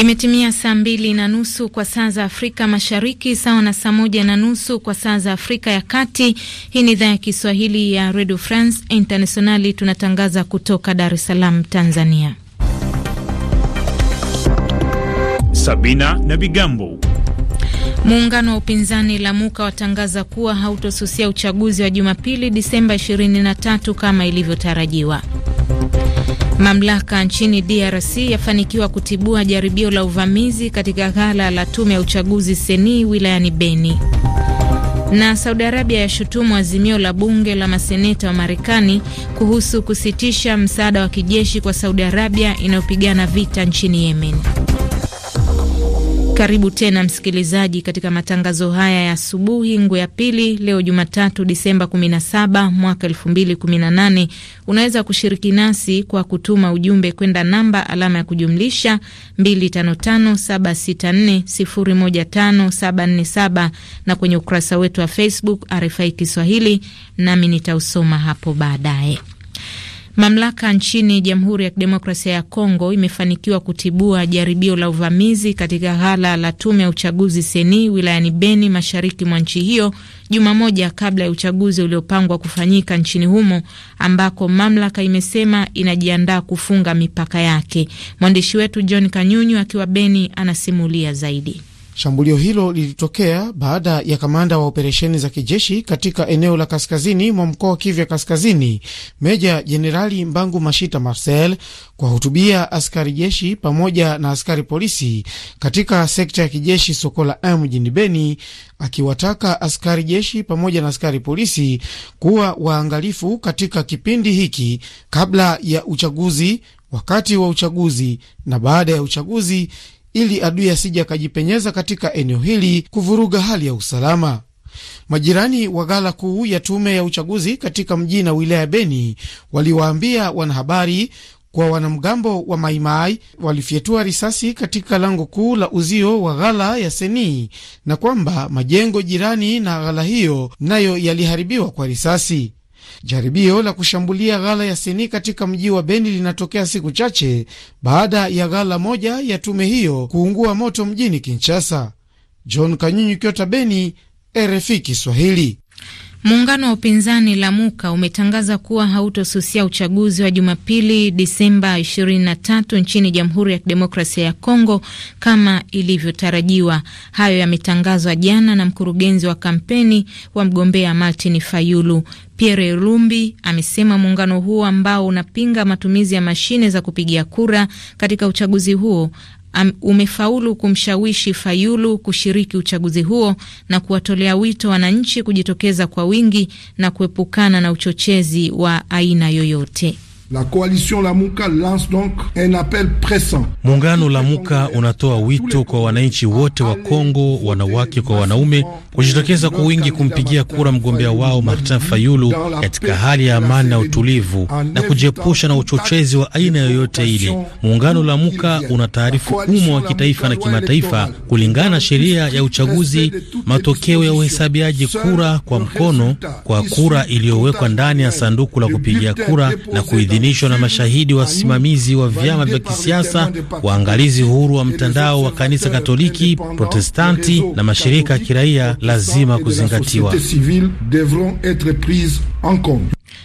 Imetimia saa mbili na nusu kwa saa za Afrika Mashariki, sawa na saa moja na nusu kwa saa za Afrika ya Kati. Hii ni idhaa ya Kiswahili ya Radio France Internationali, tunatangaza kutoka Dar es Salaam, Tanzania. Sabina na Bigambo. Muungano wa upinzani Lamuka watangaza kuwa hautosusia uchaguzi wa Jumapili, Disemba 23 kama ilivyotarajiwa. Mamlaka nchini DRC yafanikiwa kutibua jaribio la uvamizi katika ghala la tume ya uchaguzi Seni wilayani Beni. Na Saudi Arabia yashutumu azimio la bunge la maseneta wa Marekani kuhusu kusitisha msaada wa kijeshi kwa Saudi Arabia inayopigana vita nchini Yemen. Karibu tena msikilizaji, katika matangazo haya ya asubuhi ngu ya pili leo Jumatatu Disemba 17 mwaka 2018. Unaweza kushiriki nasi kwa kutuma ujumbe kwenda namba alama ya kujumlisha 255764015747 na kwenye ukurasa wetu wa Facebook RFI Kiswahili, nami nitausoma hapo baadaye. Mamlaka nchini Jamhuri ya Kidemokrasia ya Kongo imefanikiwa kutibua jaribio la uvamizi katika ghala la tume ya uchaguzi seni wilayani Beni, mashariki mwa nchi hiyo, juma moja kabla ya uchaguzi uliopangwa kufanyika nchini humo, ambako mamlaka imesema inajiandaa kufunga mipaka yake. Mwandishi wetu John Kanyunyu akiwa Beni anasimulia zaidi. Shambulio hilo lilitokea baada ya kamanda wa operesheni za kijeshi katika eneo la kaskazini mwa mkoa wa Kivya Kaskazini, Meja Jenerali Mbangu Mashita Marcel kuwahutubia askari jeshi pamoja na askari polisi katika sekta ya kijeshi Sokola M mjini Beni, akiwataka askari jeshi pamoja na askari polisi kuwa waangalifu katika kipindi hiki kabla ya uchaguzi, wakati wa uchaguzi na baada ya uchaguzi ili adui asije akajipenyeza katika eneo hili kuvuruga hali ya usalama. Majirani wa ghala kuu ya tume ya uchaguzi katika mji na wilaya Beni waliwaambia wanahabari kwa wanamgambo wa Maimai walifyetua risasi katika lango kuu la uzio wa ghala ya Senii na kwamba majengo jirani na ghala hiyo nayo yaliharibiwa kwa risasi. Jaribio la kushambulia ghala ya Seni katika mji wa Beni linatokea siku chache baada ya ghala moja ya tume hiyo kuungua moto mjini Kinshasa. John Kanyunyu, Kyota, Beni, RFI Kiswahili. Muungano wa upinzani Lamuka umetangaza kuwa hautosusia uchaguzi wa Jumapili Disemba 23 nchini Jamhuri ya Kidemokrasia ya Kongo kama ilivyotarajiwa. Hayo yametangazwa jana na mkurugenzi wa kampeni wa mgombea Martin Fayulu. Pierre Lumbi amesema muungano huo ambao unapinga matumizi ya mashine za kupigia kura katika uchaguzi huo umefaulu kumshawishi Fayulu kushiriki uchaguzi huo na kuwatolea wito wananchi kujitokeza kwa wingi na kuepukana na uchochezi wa aina yoyote. La coalition Lamuka lance donc un appel pressant. Muungano Lamuka unatoa wito kwa wananchi wote wa Kongo, wanawake kwa wanaume, kujitokeza kwa wingi kumpigia kura mgombea wao Martin Fayulu katika hali ya amani na utulivu na kujiepusha na uchochezi wa aina yoyote ile. Muungano Lamuka taarifu umma wa kitaifa na kimataifa kulingana na sheria ya uchaguzi matokeo ya uhesabiaji kura kwa mkono kwa kura iliyowekwa ndani ya sanduku la kupigia kura na kuidhi kuidhinishwa na mashahidi, wasimamizi wa vyama vya kisiasa, waangalizi huru wa mtandao wa kanisa Katoliki, Protestanti na mashirika ya kiraia lazima kuzingatiwa.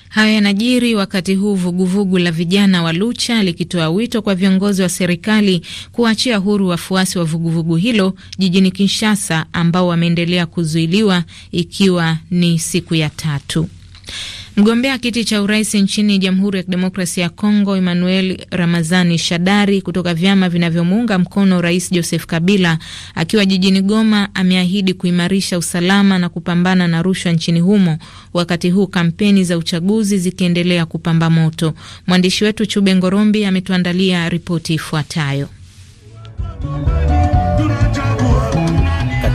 Hayo yanajiri wakati huu vuguvugu la vijana wa Lucha likitoa wito kwa viongozi wa serikali kuachia huru wafuasi wa vuguvugu hilo jijini Kinshasa ambao wameendelea kuzuiliwa ikiwa ni siku ya tatu. Mgombea kiti cha urais nchini Jamhuri ya Kidemokrasia ya Kongo, Emmanuel Ramazani Shadari kutoka vyama vinavyomuunga mkono Rais Joseph Kabila, akiwa jijini Goma, ameahidi kuimarisha usalama na kupambana na rushwa nchini humo, wakati huu kampeni za uchaguzi zikiendelea kupamba moto. Mwandishi wetu Chube Ngorombi ametuandalia ripoti ifuatayo.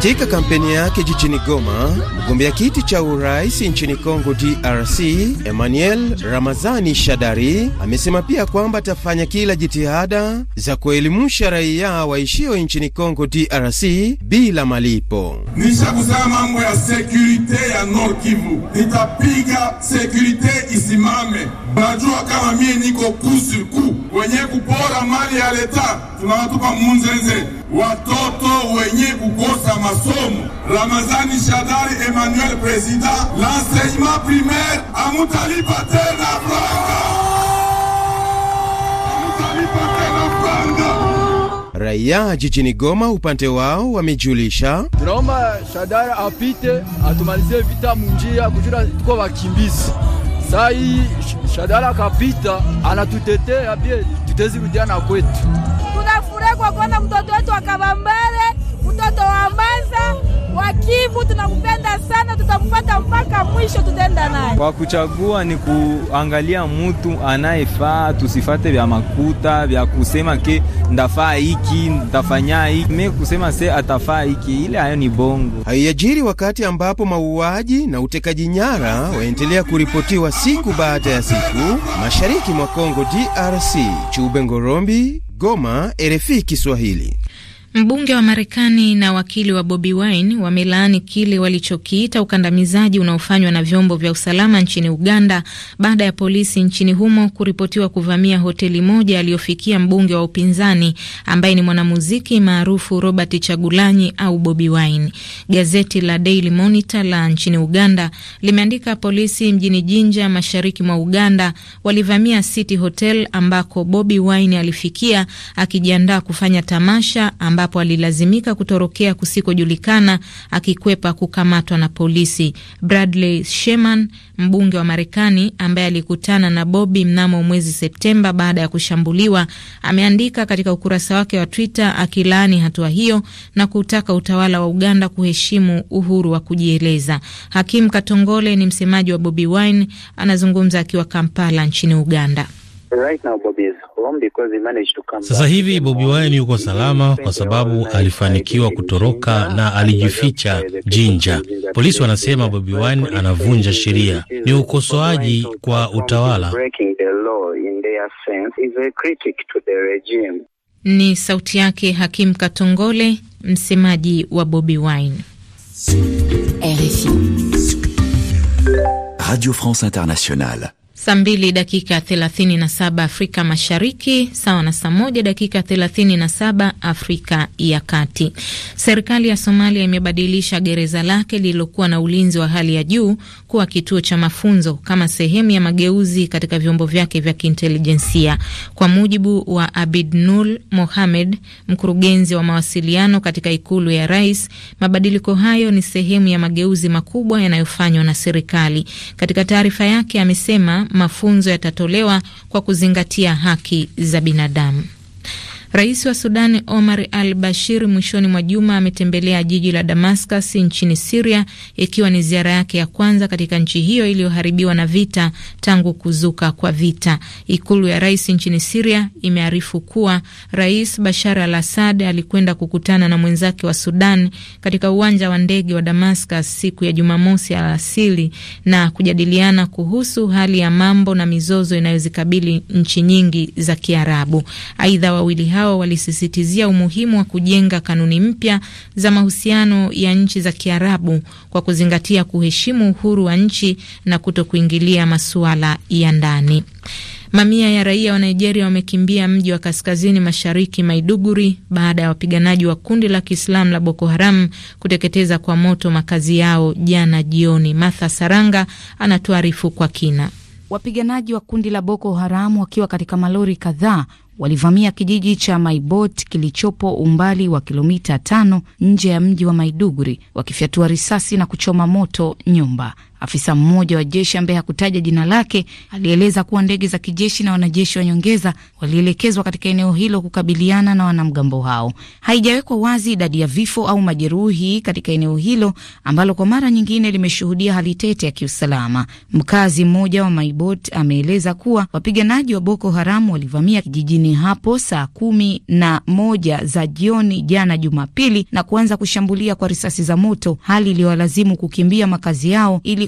Katika kampeni yake jijini Goma, mgombea kiti cha urais nchini Kongo DRC Emmanuel Ramazani Shadari amesema pia kwamba atafanya kila jitihada za kuelimisha raia waishio nchini Kongo DRC bila malipo. Nishakusema mambo ya sekurite ya Nord Kivu, nitapiga sekurite isimame. Najua kama mie niko kusuku wenye kupora mali ya leta tunawatupa munzenze watoto wenye kukosa masomo. ramazani Shadari Emmanuel, president l'enseignement primaire, amutalipa tena franga, franga. Raia jijini Goma upande wao wamejulisha, tunaomba Shadari apite atumalizie vita munjia kujua tuko wakimbizi sai Shadala kapita, anatutetea bie, tutezi kujana kwetu. Tunafurahi kwa kuona mtoto wetu akabambele Kivu, tunakupenda sana, tutamfuata mpaka mwisho, tutaenda naye. Kwa kuchagua ni kuangalia mutu anayefaa, tusifate vya makuta vya kusema ke ndafaa hiki ndafanya hiki, mimi kusema se atafaa hiki, ile hayo ni bongo. Haiajiri wakati ambapo mauaji na utekaji nyara waendelea kuripotiwa siku baada ya siku mashariki mwa Kongo DRC. Chube Ngorombi, Goma, RFI Kiswahili. Mbunge wa Marekani na wakili wa Bobi Wine wamelaani kile walichokiita ukandamizaji unaofanywa na vyombo vya usalama nchini Uganda baada ya polisi nchini humo kuripotiwa kuvamia hoteli moja aliyofikia mbunge wa upinzani ambaye ni mwanamuziki maarufu Robert Chagulanyi au Bobi Wine. Gazeti la Daily Monitor la nchini Uganda limeandika polisi mjini Jinja, mashariki mwa Uganda, walivamia City Hotel ambako Bobi Wine alifikia akijiandaa kufanya tamasha ambapo alilazimika kutorokea kusikojulikana akikwepa kukamatwa na polisi. Bradley Sheman, mbunge wa Marekani ambaye alikutana na Bobi mnamo mwezi Septemba baada ya kushambuliwa, ameandika katika ukurasa wake wa Twitter akilaani hatua hiyo na kutaka utawala wa Uganda kuheshimu uhuru wa kujieleza. Hakim Katongole ni msemaji wa Bobi Wine, anazungumza akiwa Kampala nchini Uganda. Right now, Bobby is sasa hivi Bobi Wine yuko salama kwa sababu alifanikiwa kutoroka na alijificha Jinja. Polisi wanasema Bobi Wine anavunja sheria, ni ukosoaji kwa utawala. Ni sauti yake Hakim Katongole, msemaji wa Bobi Wine. Radio France Internationale. Saa mbili dakika thelathini na saba Afrika Mashariki, sawa na saa moja dakika thelathini na saba Afrika ya Kati. Serikali ya Somalia imebadilisha gereza lake lililokuwa na ulinzi wa hali ya juu kuwa kituo cha mafunzo kama sehemu ya mageuzi katika vyombo vyake vya kiintelijensia, kwa mujibu wa Abidnul Mohamed, mkurugenzi wa mawasiliano katika ikulu ya rais. Mabadiliko hayo ni sehemu ya mageuzi makubwa yanayofanywa na serikali. Katika taarifa yake amesema mafunzo yatatolewa kwa kuzingatia haki za binadamu. Rais wa Sudani Omar al Bashir mwishoni mwa juma ametembelea jiji la Damascus nchini Siria, ikiwa ni ziara yake ya kwanza katika nchi hiyo iliyoharibiwa na vita tangu kuzuka kwa vita. Ikulu ya rais nchini Siria imearifu kuwa Rais Bashar al Assad alikwenda kukutana na mwenzake wa Sudan katika uwanja wa ndege wa Damascus siku ya Jumamosi alasiri na kujadiliana kuhusu hali ya mambo na mizozo inayozikabili nchi nyingi za Kiarabu. Aidha, wawili hao walisisitizia umuhimu wa kujenga kanuni mpya za mahusiano ya nchi za Kiarabu kwa kuzingatia kuheshimu uhuru wa nchi na kuto kuingilia masuala ya ndani. Mamia ya raia wa Nigeria wamekimbia mji wa kaskazini mashariki Maiduguri baada ya wapiganaji wa kundi la Kiislamu la Boko Haram kuteketeza kwa moto makazi yao jana jioni. Martha Saranga anatuarifu kwa kina. Wapiganaji wa kundi la Boko Haram wakiwa katika malori kadhaa walivamia kijiji cha Maibot kilichopo umbali wa kilomita tano nje ya mji wa Maiduguri wakifyatua risasi na kuchoma moto nyumba. Afisa mmoja wa jeshi ambaye hakutaja jina lake alieleza kuwa ndege za kijeshi na wanajeshi wa nyongeza walielekezwa katika eneo hilo kukabiliana na wanamgambo hao. Haijawekwa wazi idadi ya vifo au majeruhi katika eneo hilo ambalo kwa mara nyingine limeshuhudia hali tete ya kiusalama. Mkazi mmoja wa Maibot ameeleza kuwa wapiganaji wa Boko Haram walivamia kijijini hapo saa kumi na moja za jioni jana Jumapili na kuanza kushambulia kwa risasi za moto, hali iliyowalazimu kukimbia makazi yao ili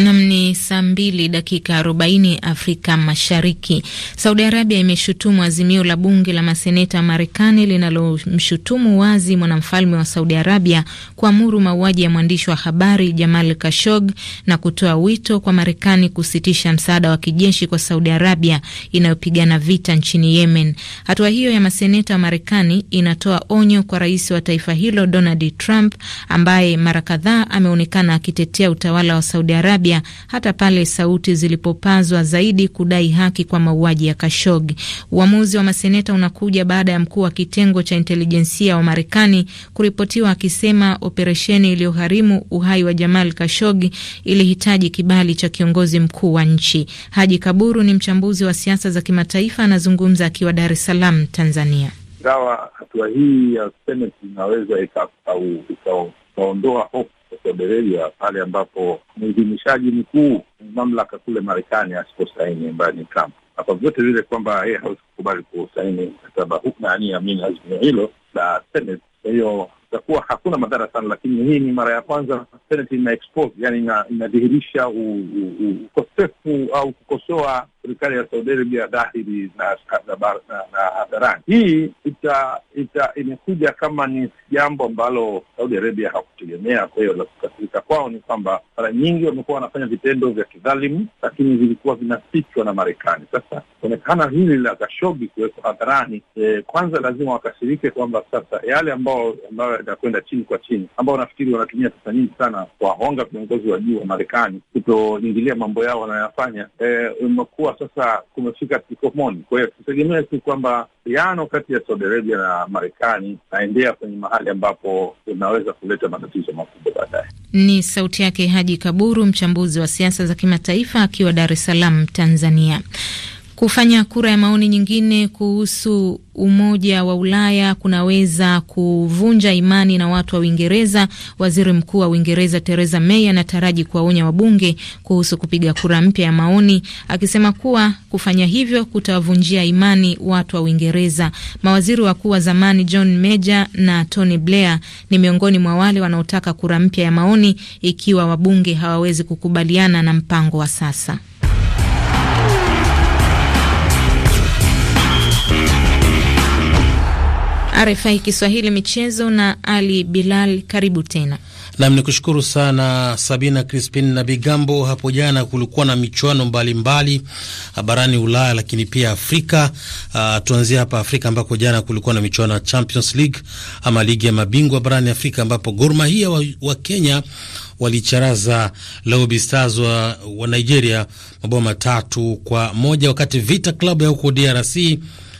Nam ni saa mbili dakika arobaini Afrika Mashariki. Saudi Arabia imeshutumu azimio la bunge la maseneta wa Marekani linalomshutumu wazi mwanamfalme wa Saudi Arabia kuamuru mauaji ya mwandishi wa habari Jamal Kashog na kutoa wito kwa Marekani kusitisha msaada wa kijeshi kwa Saudi Arabia inayopigana vita nchini Yemen. Hatua hiyo ya maseneta wa Marekani inatoa onyo kwa rais wa taifa hilo Donald Trump ambaye mara kadhaa ameonekana akitetea utawala wa Saudi Arabia Arabia, hata pale sauti zilipopazwa zaidi kudai haki kwa mauaji ya Kashogi. Uamuzi wa maseneta unakuja baada ya mkuu wa kitengo cha intelijensia wa Marekani kuripotiwa akisema operesheni iliyoharimu uhai wa Jamal Kashogi ilihitaji kibali cha kiongozi mkuu wa nchi. Haji Kaburu ni mchambuzi wa siasa za kimataifa, anazungumza akiwa Dar es Salaam, Tanzania. Ingawa hatua hii ya Seneti inaweza ikaondoa hofu Saudi Arabia pale ambapo mwidhinishaji mkuu mamlaka kule Marekani asiposaini ambaye ni Trump na kwa vyote vile kwamba yeye hawezi kukubali kusaini mkataba huu na ani azimio hilo la Senate. Kwa hiyo itakuwa hakuna madhara sana, lakini hii ni mara ya kwanza Senate ina expose, yani inadhihirisha ukosefu au kukosoa serikali ya Saudi Arabia dhahiri na hadharani. Hii ita, ita imekuja kama ni jambo ambalo Saudi Arabia hakutegemea. Kwa hiyo la kukasirika kwao ni kwamba mara nyingi wamekuwa wanafanya vitendo vya kidhalimu, lakini vilikuwa vinafichwa na Marekani. Sasa kuonekana hili la Kashogi kuwekwa hadharani, e, kwanza lazima wakasirike kwamba sasa yale ambao ambayo yanakwenda chini kwa chini, ambao nafikiri wanatumia pesa nyingi sana kuwahonga viongozi wa juu wa Marekani kutoingilia mambo yao wanayofanya, e, eh, umekuwa kuwa sasa kumefika kikomoni Kwa hiyo tutegemea tu kwamba piano kati ya Saudi Arabia na Marekani naendea kwenye mahali ambapo unaweza kuleta matatizo makubwa baadaye. Ni sauti yake Haji Kaburu, mchambuzi wa siasa za kimataifa akiwa Dar es Salaam, Tanzania kufanya kura ya maoni nyingine kuhusu Umoja wa Ulaya kunaweza kuvunja imani na watu wa Uingereza. Waziri Mkuu wa Uingereza Theresa May anataraji kuwaonya wabunge kuhusu kupiga kura mpya ya maoni, akisema kuwa kufanya hivyo kutawavunjia imani watu wa Uingereza. Mawaziri wakuu wa zamani John Major na Tony Blair ni miongoni mwa wale wanaotaka kura mpya ya maoni ikiwa wabunge hawawezi kukubaliana na mpango wa sasa. RFI Kiswahili michezo na Ali Bilal, karibu tena. Nam ni kushukuru sana Sabina Crispin na Bigambo. Hapo jana kulikuwa na michuano mbalimbali ah, barani Ulaya, lakini pia Afrika. Uh, ah, tuanzia hapa Afrika ambako jana kulikuwa na michuano ya Champions League ama ligi ya mabingwa barani Afrika, ambapo Gor Mahia wa, wa Kenya walicharaza Lobi Stars wa, wa Nigeria mabao matatu kwa moja, wakati Vita Club ya huko DRC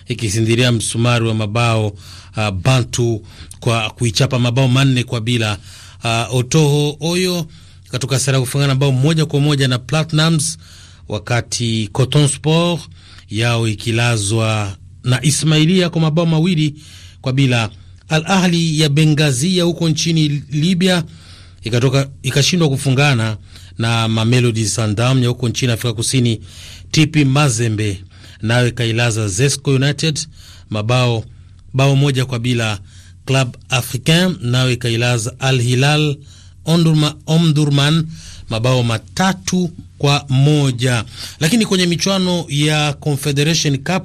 ikisindiria msumari wa mabao uh, Bantu kwa kuichapa mabao manne kwa bila. Uh, Otoho Oyo katoka sare kufungana bao moja kwa moja na Platinums, wakati Coton Sport yao ikilazwa na Ismailia kwa mabao mawili kwa bila. Al Ahli ya Bengazia huko nchini Libya ikatoka ikashindwa kufungana na Mamelodi Sundowns ya huko nchini Afrika Kusini. TP Mazembe nayo ikailaza Zesco United mabao bao moja kwa bila. Club Africain nayo ikailaza Al Hilal Ondurma, Omdurman mabao matatu kwa moja. Lakini kwenye michuano ya Confederation Cup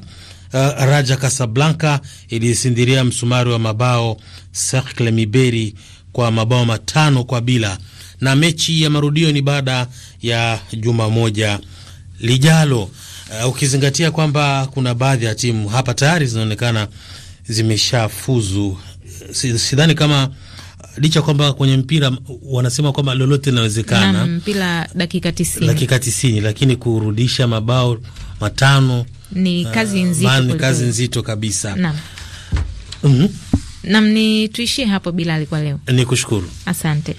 uh, Raja Casablanca ilisindiria msumari wa mabao Cercle Miberi kwa mabao matano kwa bila, na mechi ya marudio ni baada ya juma moja lijalo uh, ukizingatia kwamba kuna baadhi ya timu hapa tayari zinaonekana zimeshafuzu. Sidhani kama licha kwamba kwenye mpira wanasema kwamba lolote linawezekana, mpira dakika tisini, dakika tisini, lakini kurudisha mabao matano ni eh, kazi nzito, uh, ni kazi nzito kabisa. Naam. Mm -hmm. Nam, ni tuishie hapo bila alikuwa leo. Ni kushukuru, asante.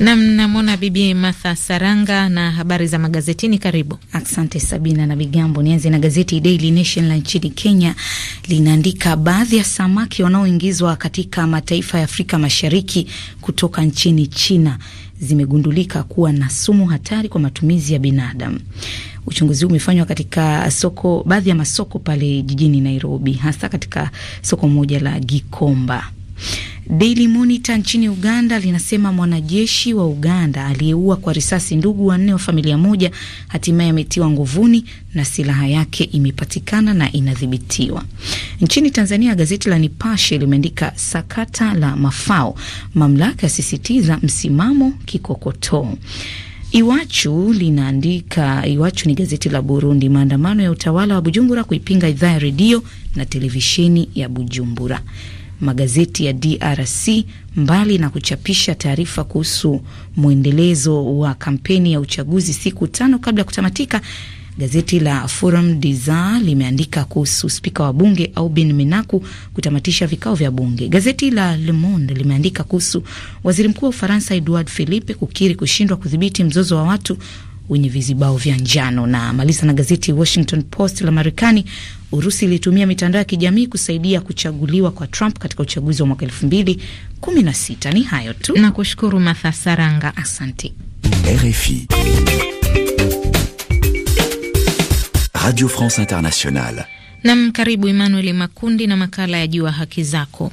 Nam, namwona Bibi Martha Saranga na habari za magazetini. Karibu. Asante Sabina na Bigambo. Nianze na gazeti Daily Nation la nchini Kenya, linaandika baadhi ya samaki wanaoingizwa katika mataifa ya Afrika Mashariki kutoka nchini China zimegundulika kuwa na sumu hatari kwa matumizi ya binadamu. Uchunguzi huu umefanywa katika soko, baadhi ya masoko pale jijini Nairobi, hasa katika soko moja la Gikomba. Daily Monitor nchini Uganda linasema mwanajeshi wa Uganda aliyeua kwa risasi ndugu wanne wa familia moja hatimaye ametiwa nguvuni na silaha yake imepatikana na inadhibitiwa. Nchini Tanzania, gazeti la Nipashe limeandika sakata la mafao, mamlaka yasisitiza msimamo kikokotoo. Iwachu linaandika, Iwachu ni gazeti la Burundi, maandamano ya utawala wa Bujumbura kuipinga idhaa ya redio na televisheni ya Bujumbura magazeti ya DRC mbali na kuchapisha taarifa kuhusu mwendelezo wa kampeni ya uchaguzi siku tano kabla ya kutamatika, gazeti la Forum des As limeandika kuhusu spika wa bunge Aubin Minaku kutamatisha vikao vya bunge. Gazeti la Le Monde limeandika kuhusu waziri mkuu wa Ufaransa Edouard Philippe kukiri kushindwa kudhibiti mzozo wa watu wenye vizibao vya njano. Na maliza na gazeti Washington Post la Marekani. Urusi ilitumia mitandao ya kijamii kusaidia kuchaguliwa kwa Trump katika uchaguzi wa mwaka elfu mbili kumi na sita. Ni hayo tu na kushukuru Matha Saranga, asante. RFI Radio France Internationale. Nam, karibu Emmanuel Makundi na makala ya Jua Haki Zako.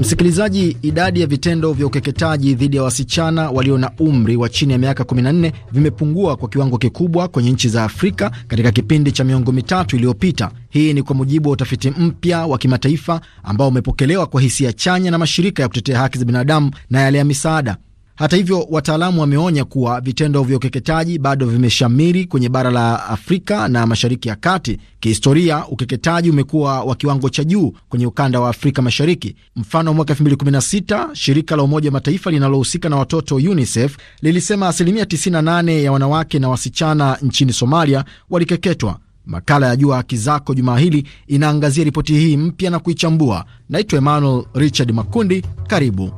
Msikilizaji, idadi ya vitendo vya ukeketaji dhidi ya wasichana walio na umri wa chini ya miaka 14 vimepungua kwa kiwango kikubwa kwenye nchi za Afrika katika kipindi cha miongo mitatu iliyopita. Hii ni kwa mujibu wa utafiti mpya wa kimataifa ambao umepokelewa kwa hisia chanya na mashirika ya kutetea haki za binadamu na yale ya misaada. Hata hivyo, wataalamu wameonya kuwa vitendo vya ukeketaji bado vimeshamiri kwenye bara la Afrika na Mashariki ya Kati. Kihistoria, ukeketaji umekuwa wa kiwango cha juu kwenye ukanda wa Afrika Mashariki. Mfano, mwaka 2016 shirika la Umoja wa Mataifa linalohusika na watoto UNICEF lilisema asilimia 98 ya wanawake na wasichana nchini Somalia walikeketwa. Makala ya Jua Haki Zako jumaa hili inaangazia ripoti hii mpya na kuichambua. Naitwa Emmanuel Richard Makundi, karibu.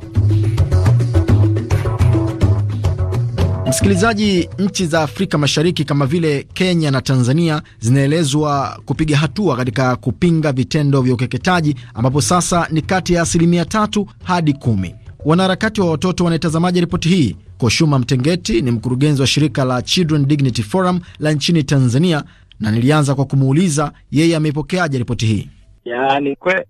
Msikilizaji, nchi za Afrika Mashariki kama vile Kenya na Tanzania zinaelezwa kupiga hatua katika kupinga vitendo vya ukeketaji, ambapo sasa ni kati ya asilimia tatu hadi kumi. Wanaharakati wa watoto wanaitazamaje ripoti hii? Koshuma Mtengeti ni mkurugenzi wa shirika la Children Dignity Forum la nchini Tanzania, na nilianza kwa kumuuliza yeye ameipokeaje ripoti hii. Ya,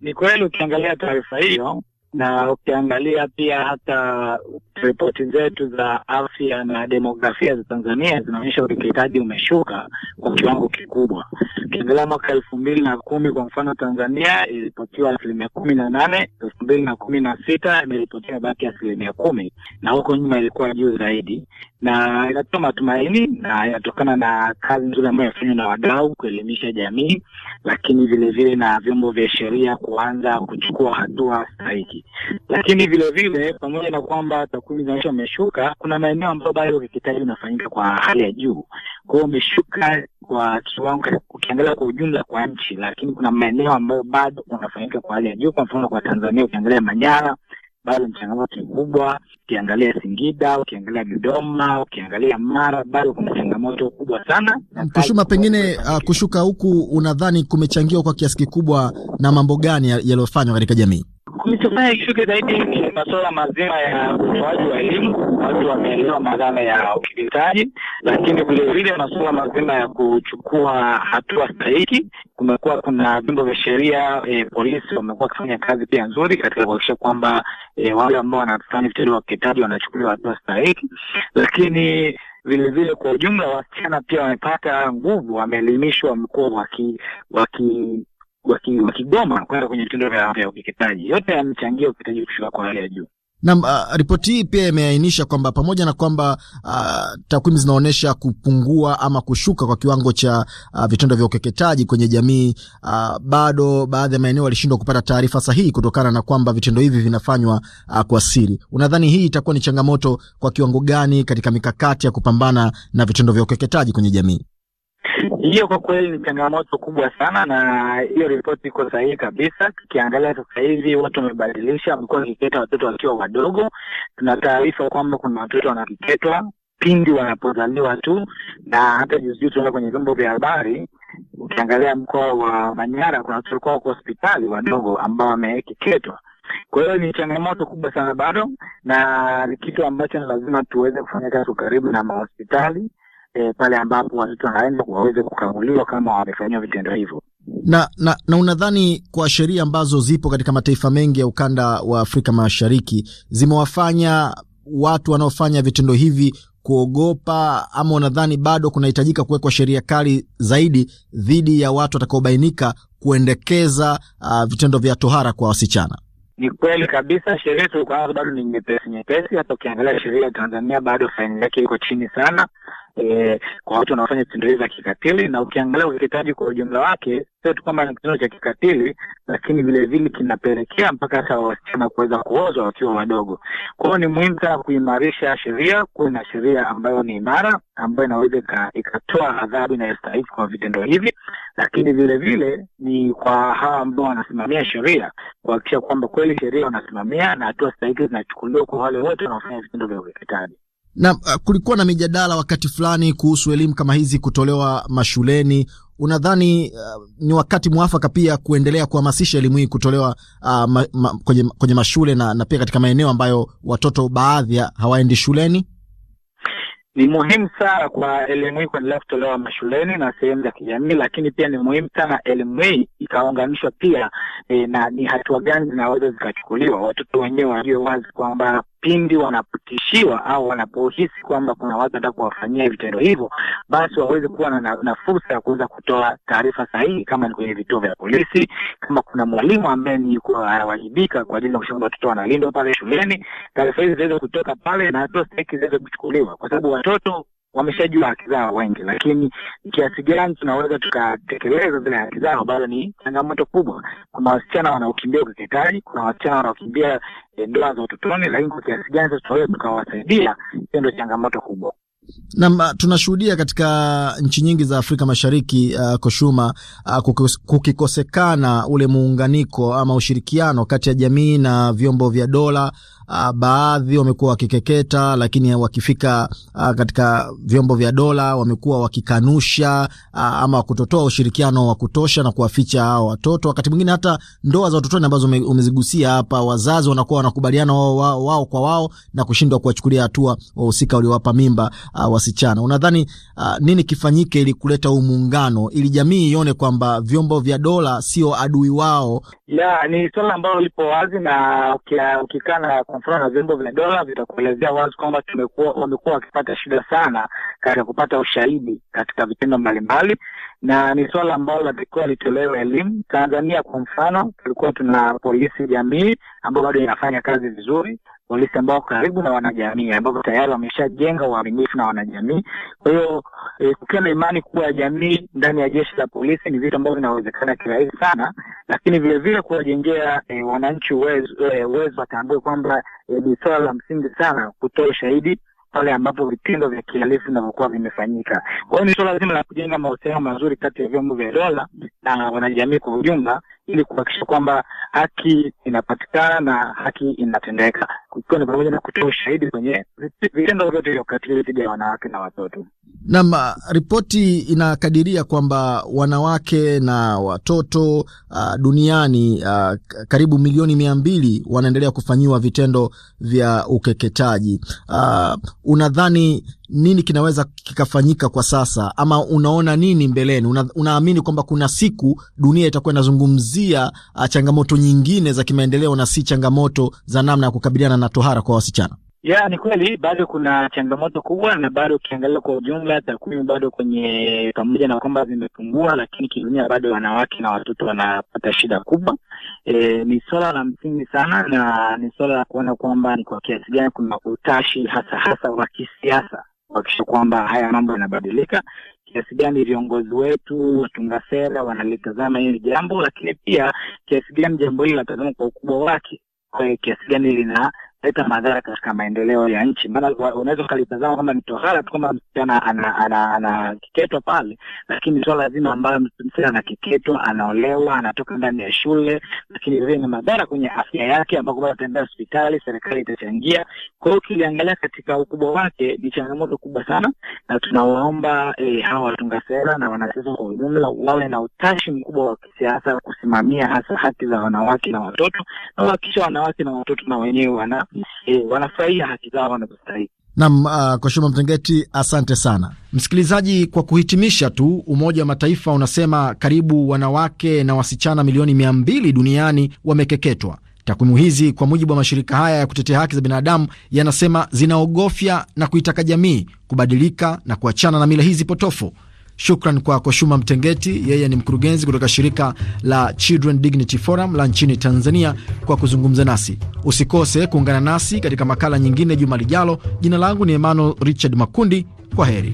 ni kweli ukiangalia taarifa hiyo na ukiangalia pia hata ripoti zetu za afya na demografia za Tanzania zinaonyesha ukeketaji umeshuka kwa kiwango kikubwa. Ukiangalia mwaka elfu mbili na kumi kwa mfano, Tanzania iliripotiwa asilimia kumi na nane elfu mbili na kumi na sita imeripotiwa baki asilimia kumi na huko nyuma ilikuwa juu zaidi, na inatoa matumaini na inatokana na kazi nzuri ambayo inafanywa na wadau kuelimisha jamii lakini vilevile na vyombo vya sheria kuanza kuchukua hatua stahiki. Lakini vilevile pamoja na kwamba takwimu zinaonyesha ameshuka, kuna maeneo ambayo bado ukeketaji unafanyika kwa hali ya juu. Kwa hiyo umeshuka kwa kiwango, ukiangalia kwa ujumla kwa nchi, lakini kuna maeneo ambayo bado unafanyika kwa hali ya juu. Kwa mfano kwa Tanzania, ukiangalia Manyara bado ni changamoto kubwa. Ukiangalia Singida, ukiangalia Dodoma, ukiangalia Mara, bado kuna changamoto kubwa sana. Kushuma, pengine uh, kushuka huku unadhani kumechangiwa kwa kiasi kikubwa na mambo gani yaliyofanywa katika jamii? Kilichofanya kishuke zaidi ni masuala mazima ya utoaji wa elimu, watu wameelewa madhara ya ukeketaji, lakini vilevile masuala mazima ya kuchukua hatua stahiki. Kumekuwa kuna vyombo vya sheria e, polisi wamekuwa wakifanya kazi pia nzuri katika kuhakikisha kwamba e, wale ambao wanafanya vitendo vya ukeketaji wanachukuliwa hatua stahiki, lakini vile vile kwa ujumla wasichana pia wamepata nguvu, wameelimishwa, wamekuwa waki, waki wakigoma waki kwenda kwenye vitendo vya ukeketaji. Yote yamechangia ukeketaji kushuka kwa hali ya juu. Nam uh, ah, ripoti hii pia imeainisha kwamba pamoja na kwamba uh, takwimu zinaonyesha kupungua ama kushuka kwa kiwango cha uh, vitendo vya ukeketaji kwenye jamii uh, bado baadhi ya maeneo walishindwa kupata taarifa sahihi kutokana na kwamba vitendo hivi vinafanywa uh, kwa siri. Unadhani hii itakuwa ni changamoto kwa kiwango gani katika mikakati ya kupambana na vitendo vya ukeketaji kwenye jamii? Hiyo kwa kweli ni changamoto kubwa sana, na hiyo ripoti iko sahihi kabisa. Tukiangalia sasa hivi watu wamebadilisha, wamekuwa wakiketa watoto wakiwa wadogo. Tuna taarifa kwamba kuna watoto wanakiketwa pindi wanapozaliwa tu, na hata juzijuu tunaona kwenye vyombo vya habari ukiangalia mkoa wa Manyara kuna watoto wako hospitali wadogo ambao wamekiketwa Kwa hiyo ni changamoto kubwa sana bado, na kitu ambacho ni lazima tuweze kufanya kazi kwa karibu na mahospitali e, pale ambapo watoto wanaenda waweze kukaguliwa kama wamefanyiwa vitendo hivyo. Na, na, na unadhani kwa sheria ambazo zipo katika mataifa mengi ya ukanda wa Afrika Mashariki zimewafanya watu wanaofanya vitendo hivi kuogopa ama unadhani bado kunahitajika kuwekwa sheria kali zaidi dhidi ya watu watakaobainika kuendekeza uh, vitendo vya tohara kwa wasichana? Ni kweli kabisa, sheria tulikuwa nazo bado ni nyepesi nyepesi. Hata ukiangalia sheria ya Tanzania bado faini yake iko chini sana, eh, kwa watu wanaofanya vitendo hivi za kikatili. Na ukiangalia ukeketaji kwa ujumla wake, sio tu kwamba ni kitendo cha kikatili, lakini vilevile kinapelekea mpaka hata wasichana kuweza kuozwa wakiwa wadogo. Kwa hiyo ni muhimu sana kuimarisha sheria, kuwe na sheria ambayo ni imara, ambayo inaweza ikatoa adhabu inayostahiki kwa vitendo hivi, lakini vilevile ni kwa hawa ambao wanasimamia sheria kuhakikisha kwamba kweli sheria wanasimamia na hatua stahiki zinachukuliwa kwa wale wote wanaofanya vitendo vya ukeketaji. Na uh, kulikuwa na mijadala wakati fulani kuhusu elimu kama hizi kutolewa mashuleni. Unadhani uh, ni wakati mwafaka pia kuendelea kuhamasisha elimu hii kutolewa uh, ma, ma, kwenye, kwenye mashule na, na pia katika maeneo ambayo watoto baadhi hawaendi shuleni? Ni muhimu sana kwa elimu hii kuendelea kutolewa mashuleni na sehemu za kijamii, lakini pia ni muhimu sana elimu hii ikaunganishwa pia e, na ni hatua gani zinaweza zikachukuliwa, watoto wenyewe wajue wazi kwamba pindi wanapotishiwa au wanapohisi kwamba kuna watu wanataka kuwafanyia vitendo hivyo, basi waweze kuwa na, na, na fursa ya kuweza kutoa taarifa sahihi, kama ni kwenye vituo vya polisi, kama kuna mwalimu ambaye ni anawajibika kwa ajili ya kushauri watoto wanalindwa pale shuleni, taarifa hizi ziweze kutoka pale na hatua stahiki ziweze kuchukuliwa, kwa sababu watoto wameshajua haki zao wengi, lakini kiasi gani tunaweza tukatekeleza zile haki zao bado ni changamoto kubwa. Kuna wasichana wanaokimbia ukeketaji, kuna wasichana wanaokimbia eh, ndoa za utotoni, lakini kwa kiasi gani tunaweza tukawasaidia? Hiyo ndio changamoto kubwa. Nam, ah, tunashuhudia katika nchi nyingi za Afrika Mashariki uh, ah, Koshuma uh, ah, kukikosekana ule muunganiko ama ushirikiano kati ya jamii na vyombo vya dola uh, baadhi wamekuwa wakikeketa, lakini wakifika uh, katika vyombo vya dola wamekuwa wakikanusha uh, ama kutotoa ushirikiano wa kutosha na kuwaficha hao watoto. Wakati mwingine hata ndoa za watotoni ambazo umezigusia hapa, wazazi wanakuwa wanakubaliana wao, wao, wao kwa wao na kushindwa kuwachukulia hatua wahusika waliowapa mimba uh, wasichana. Unadhani uh, nini kifanyike ili kuleta huu muungano ili jamii ione kwamba vyombo vya dola sio adui wao? Ya, ni swala ambalo lipo wazi na ukikaa na mfano na vyombo vya dola vitakuelezea wazi kwamba tumekuwa wamekuwa wakipata shida sana katika kupata ushahidi katika vitendo mbalimbali, na ni suala ambalo latakiwa litolewe elimu. Tanzania kwa mfano, tulikuwa tuna polisi jamii ambayo bado inafanya kazi vizuri, polisi ambao karibu na wanajamii, ambao tayari wameshajenga uaminifu na wanajamii. Kwa hiyo e, kukiwa na imani kuwa jamii ndani ya jeshi la polisi ni vitu ambavyo vinawezekana kirahisi sana, lakini vilevile kuwajengea e, wananchi e, uwezo watambue kwamba e, ni swala la msingi sana kutoa ushahidi pale ambapo vitendo vya kihalifu vinavyokuwa vimefanyika. Kwa hiyo ni suala zima la kujenga mahusiano mazuri kati ya vyombo vya dola na wanajamii kwa ujumla, ili kuhakikisha kwamba haki inapatikana na haki inatendeka, ikiwa ni pamoja na kutoa ushahidi kwenye vitendo vyote vya ukatili dhidi ya wanawake na watoto. Naam, ah, ripoti inakadiria kwamba wanawake na watoto uh, duniani uh, karibu milioni mia mbili wanaendelea kufanyiwa vitendo vya ukeketaji. Uh, unadhani nini kinaweza kikafanyika kwa sasa, ama unaona nini mbeleni? Una, unaamini kwamba kuna siku dunia itakuwa inazungumzia ah, changamoto nyingine za kimaendeleo na si changamoto za namna ya kukabiliana na tohara kwa wasichana? Ya, ni kweli bado kuna changamoto kubwa, na bado ukiangalia kwa ujumla takwimu bado kwenye, pamoja na kwamba zimepungua, lakini kidunia bado wanawake na watoto wanapata shida kubwa. E, ni swala la msingi sana, na ni swala la kuona kwamba ni kwa kiasi gani kuna utashi hasa hasa wa kisiasa kuhakikisha kwamba haya mambo yanabadilika, kiasi gani viongozi wetu watunga sera wanalitazama hili jambo, lakini pia kiasi gani jambo hili linatazama kwa ukubwa wake, kiasi gani lina leta madhara katika maendeleo ya nchi. Maana unaweza ukalitazama kama ni tohara tu kwamba msichana anakeketwa ana, pale, lakini swala zima ambayo msichana anakeketwa, anaolewa, anatoka ndani ya shule, lakini vile ni madhara kwenye afya yake, ambako bado ataendea hospitali, serikali itachangia. Kwa hiyo ukiliangalia katika ukubwa wake ni changamoto kubwa sana, na tunawaomba eh, hawa watunga sera na wanasiasa kwa ujumla wawe na utashi mkubwa wa kisiasa kusimamia hasa haki za wanawake na watoto na kuhakikisha wanawake na watoto na wenyewe wana e, wanafurahia haki zao wanavyostahili. Nam uh, Koshuma Mtengeti, asante sana msikilizaji. Kwa kuhitimisha tu, Umoja wa Mataifa unasema karibu wanawake na wasichana milioni mia mbili duniani wamekeketwa. Takwimu hizi kwa mujibu wa mashirika haya ya kutetea haki za binadamu yanasema zinaogofya na kuitaka jamii kubadilika na kuachana na mila hizi potofu. Shukran kwako Shuma Mtengeti, yeye ni mkurugenzi kutoka shirika la Children Dignity Forum la nchini Tanzania, kwa kuzungumza nasi. Usikose kuungana nasi katika makala nyingine juma lijalo. Jina langu ni Emmanuel Richard Makundi. Kwa heri.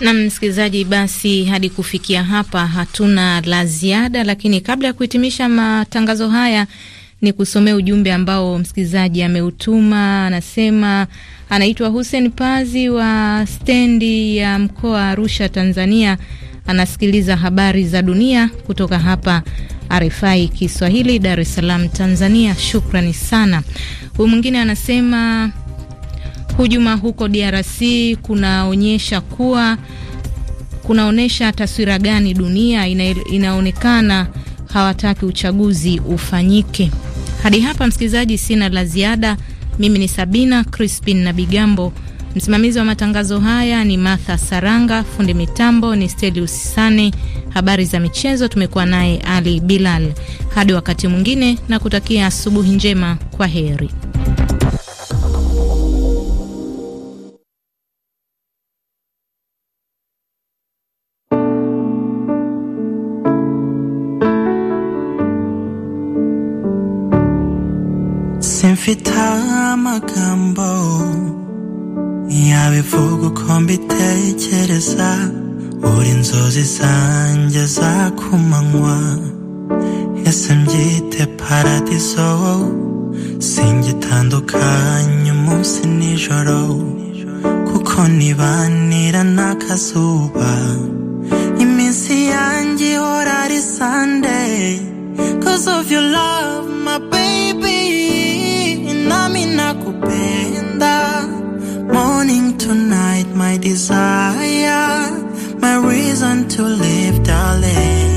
Na msikilizaji, basi hadi kufikia hapa hatuna la ziada, lakini kabla ya kuhitimisha matangazo haya ni kusomea ujumbe ambao msikilizaji ameutuma. Anasema anaitwa Hussein Pazi wa stendi ya mkoa Arusha, Tanzania. Anasikiliza habari za dunia kutoka hapa RFI Kiswahili, Dar es Salaam, Tanzania. Shukrani sana. Huyu mwingine anasema Hujuma huko DRC kunaonyesha kuwa kunaonyesha taswira gani dunia ina, inaonekana hawataki uchaguzi ufanyike. Hadi hapa msikilizaji, sina la ziada. Mimi ni Sabina Crispin na Bigambo. Msimamizi wa matangazo haya ni Martha Saranga, fundi mitambo ni Stelius Sane. Habari za michezo tumekuwa naye Ali Bilal. Hadi wakati mwingine, na kutakia asubuhi njema. Kwa heri. 세상 우린 소지산 여사 구멍와 SMG대 파라디소 생기탄 독한 유몸신 니저로 쿠코니반이란 나카소바 이민시 안지 호라리 산데 Cause of your love my baby 나미나 고백 Morning to night, my desire, my reason to live, darling.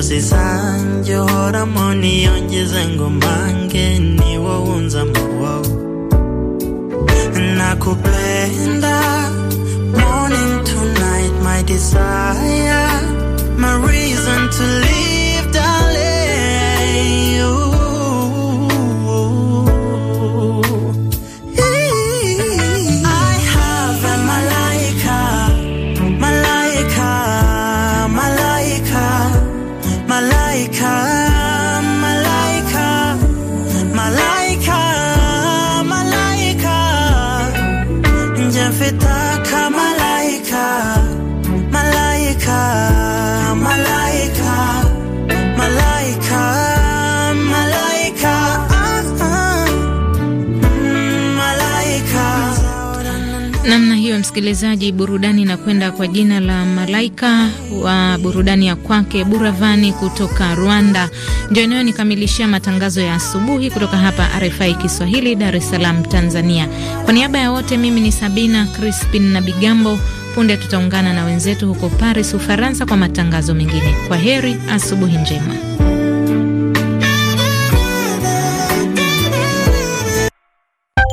ndozi zanje uhoramo niyongeze ngo mbange niwo wunza muwowe nakupenda morning to night my desire my reason to live msikilizaji, burudani na kwenda kwa jina la Malaika wa burudani ya kwake Buravani kutoka Rwanda. Ndio inayonikamilishia matangazo ya asubuhi kutoka hapa RFI Kiswahili, Dar es Salaam, Tanzania. Kwa niaba ya wote, mimi ni Sabina Crispin na Bigambo. Punde tutaungana na wenzetu huko Paris, Ufaransa, kwa matangazo mengine. Kwa heri, asubuhi njema.